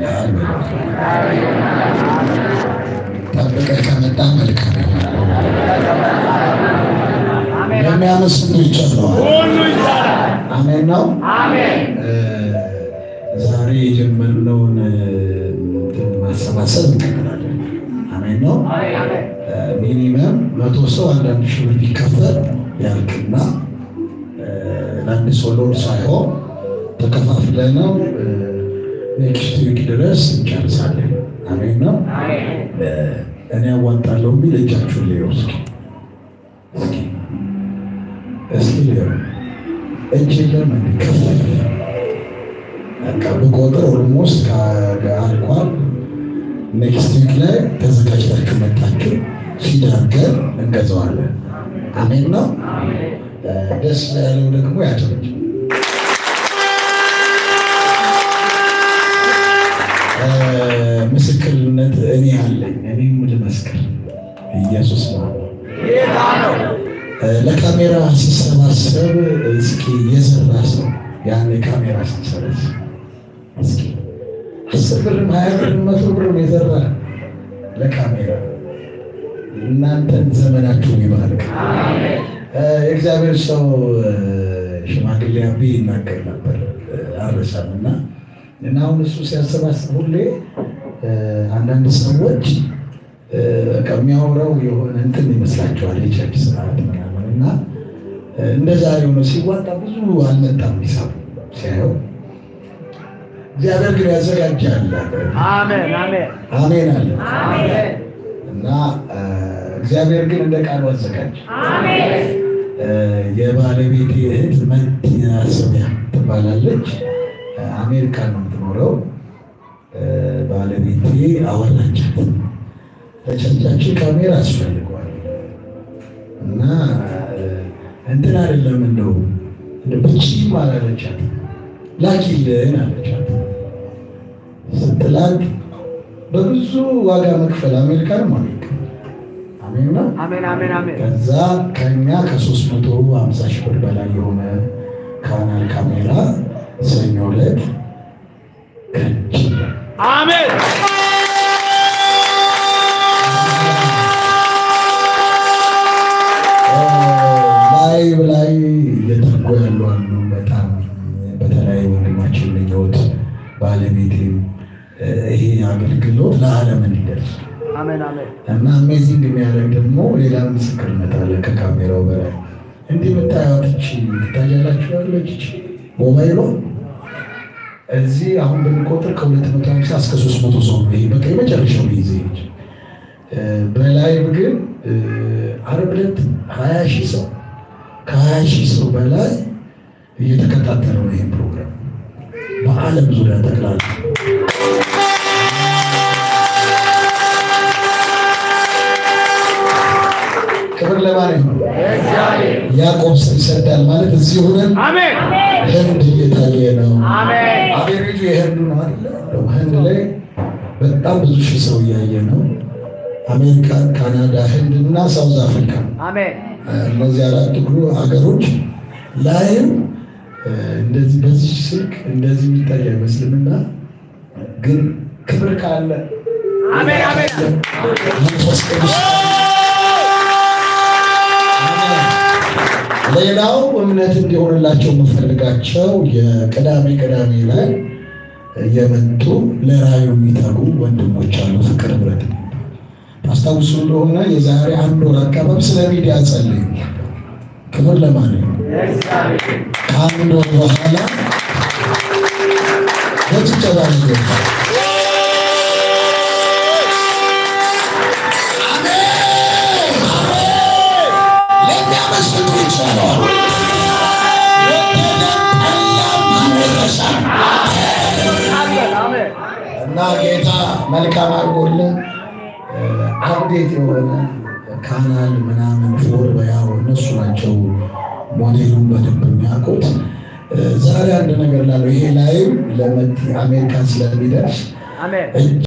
ይሆንልሃል። ጠብቀህ ከመጣ መልካም የሚያመስ ሁሉ ይቻለዋል። አሜን ነው። ዛሬ የጀመርነውን ማሰባሰብ እንቀጥላለን። አሜን ነው። ሚኒመም መቶ ሰው አንዳንድ ሺህ ብር ቢከፈል ያልቅና ለአንድ ሰው ሎድ ሳይሆን ተከፋፍለ ነው ኔክስት ዊክ ድረስ እንጨርሳለን። አሜን ነው። እኔ አዋጣለሁ የሚል እጃችሁን ሌሮ እስኪ እስኪ እስኪ ሌሮ እጅ የለም እንዲከፍ በቃ ብቆጥር ኦልሞስት ከአልኳል ኔክስት ዊክ ላይ ተዘጋጅታችሁ መጣችሁ ሲዳገር እንገዛዋለን። አሜን ነው። ደስ ያለው ደግሞ ያደረጅ ምስክርነት እኔ አለኝ። እኔም ልመስክር ኢየሱስ ነው ለካሜራ ሲሰባሰብ እስኪ የዘራ ሰው ያን ካሜራ ሲሰበስ እስኪ አስር ብርም ሀያ ብርም መቶ ብርም የዘራ ለካሜራ እናንተን ዘመናችሁን ይባርክ። የእግዚአብሔር ሰው ሽማግሌ አቢ ይናገር ነበር አረሳም እና እና አሁን እሱ ሲያሰባስብ ሁሌ አንዳንድ ሰዎች በቃ የሚያወራው የሆነ እንትን ይመስላቸዋል የቸርች ስርዓት ምናምን እና እንደዛ የሆነ ሲዋጣ ብዙ አልመጣም ሂሳቡ ሲያየው እግዚአብሔር ግን ያዘጋጃል። አሜን አለ እና እግዚአብሔር ግን እንደ ቃሉ አዘጋጅ። የባለቤቴ እህት መቲያ ስሚያ ትባላለች። አሜሪካ ነው የምትኖረው። ባለቤቴ አወራቻት። ለቻቻችን ካሜራ አስፈልገዋል እና እንትን አይደለም እንደው እንደ ብቻ አላለቻት፣ ላኪልን አለቻት። ስትላክ በብዙ ዋጋ መክፈል አሜሪካን ማለት ከዛ ከኛ ከሶስት መቶ 350 ሺህ ብር በላይ የሆነ ካናል ካሜራ ሰኞ ዕለት ከእጅ አሜን። ላይቭ ላይ እየተጎ አሉ። በጣም ወንድማችን ባለቤቴም ይሄ አገልግሎት ለዓለም እንዲደርስ እና አሜዚንግ የሚያደርግ ደግሞ ሌላ ምስክርነት አለ ከካሜራው በላይ እንዲህ የምታያት ታያላችሁ ያለች ሞባይሏ እዚህ አሁን ብንቆጥር ከ250 እስከ 300 ሰው ነው። ይሄ በቃ የመጨረሻው ጊዜ ነች። በላይም ግን ዓርብ ዕለት 20 ሺህ ሰው ከ20 ሺህ ሰው በላይ እየተከታተለው ነው ይህን ፕሮግራም በዓለም ዙሪያ ጠቅላላ ማን ነው? ያዕቆብ ይሰዳል ማለት እዚህ ሆነን አሜን። ህንድ እየታየ ነው። አሜን። የህንዱ ነው ህንድ ላይ በጣም ብዙ ሺህ ሰው እያየ ነው። አሜሪካን፣ ካናዳ፣ ህንድ እና ሳውዝ አፍሪካ አሜን። እነዚህ አራት ሁሉ ሀገሮች ላይም እንደዚህ በዚህ ስልክ እንደዚህ የሚታይ አይመስልምና ግን ክብር ካለ አሜን አሜን ሌላው እምነት እንዲሆንላቸው የምፈልጋቸው የቅዳሜ ቅዳሜ ላይ የመጡ ለራዩ የሚጠጉ ወንድሞች አሉ። ፍቅር ብረት ታስታውሱ እንደሆነ የዛሬ አንድ ወር አካባቢ ስለ ሚዲያ ጸልይ ክብር ለማለ ከአንድ ወር በኋላ በጭጨባ እና ጌታ መልካም አድርጎልን አብዴት የሆነ ካናል ምናምን ፎር ያው እነሱ ናቸው ሞዴሉን በደንብ የሚያውቁት። ዛሬ አንድ ነገር ላለው ይሄ ላይም ለመት አሜሪካን ስለሚደርስ